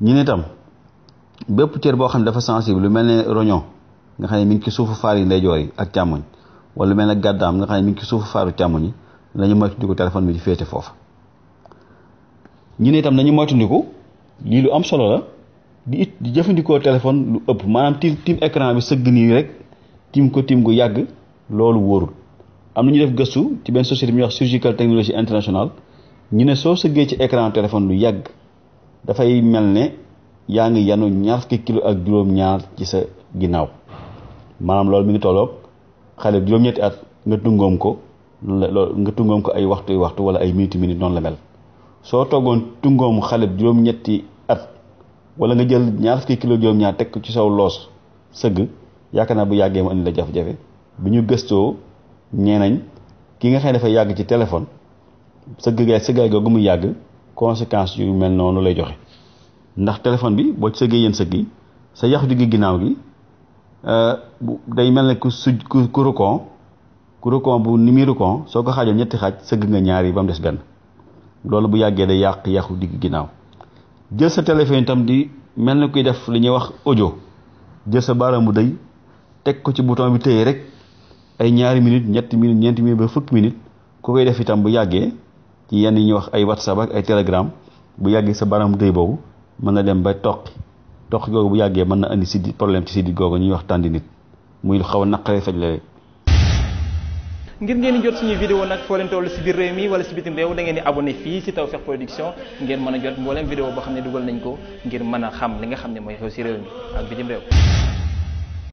ñu ne itam bépp cër boo xam ne dafa sensible lu mel ne roñon nga xam ne mi ngi ci suufu faar yi ndeyjoor yi ak càmmoñ wala mel ne gàddaam nga xam ne mi ngi ci suufu faaru càmmoñ yi nañu moytandiku téléphone bi di féete foofu ñu ne itam nañu moytandiku lii lu am solo la di it di jëfandikoo téléphone lu ëpp maanaam tiim tiim écran bi sëgg nii rek tim ko tiim gu yàgg loolu wóorul am na ñu def gëstu ci benn société bi ñuy wax Surgical Technology International ñu ne soo sëggee ci ecran téléphone lu yàgg dafay mel ne yaa ngi yenu ñaar fukki kilo ak juróom-ñaar ci sa ginnaaw maanaam loolu mi ngi tolloog xale juróom-ñetti at nga tungoom ko nga tungoom ko ay waxtu yu waxtu wala ay minute minute noonu la mel soo toggoon tungoom xale juróom-ñetti at wala nga jël ñaar fukki kilo juróom-ñaar teg ci saw loos sëgg yaakaar bu yàggee mu indi la jafe-jafe bi ñu gëstoo ñeenañ ki nga xam ne dafa yàgg ci téléphone sëgg gaay sëggaay googu mu yàgg conséquence yu mel noonu lay joxe ndax téléphone bi boo ci sëggee yéen sëgg yi sa yaxu digg ginnaaw gi euh, day mel ne ku suj ku ku rukon bu ni muy soo ko xaajoon ñetti xaaj sëgg nga ñaari yi ba mu des benn loolu bu yàggee day yàq yaxu digg ginnaaw jël sa téléphone itam di mel ne kuy def li ñuy wax ojo jël sa baaraamu day teg ko ci bouton bi téye rek ay ñaari minutes ñetti minutes ñeenti minutes ba fukki minutes ku koy def itam bu yàggee ci yenn yi ñu wax ay whatsapp ak ay telegram bu yàggee sa baram dëy boobu mën na dem ba toq toqi googu bu yàggee mën na indi si problème ci siddi googu ñuy wax tàndi nit muy xaw a naqaree faj la ngir ngeen di jot suñuy vidéo nag foo leen toll si biir réew mi wala si bitim réew da ngeen di abonné fii si Tawfekh Production ngeen mën a jot mbooleem vidéo boo xam ne dugal nañ ko ngir mën a xam li nga xam ne mooy xew si réew mi ak bitim réew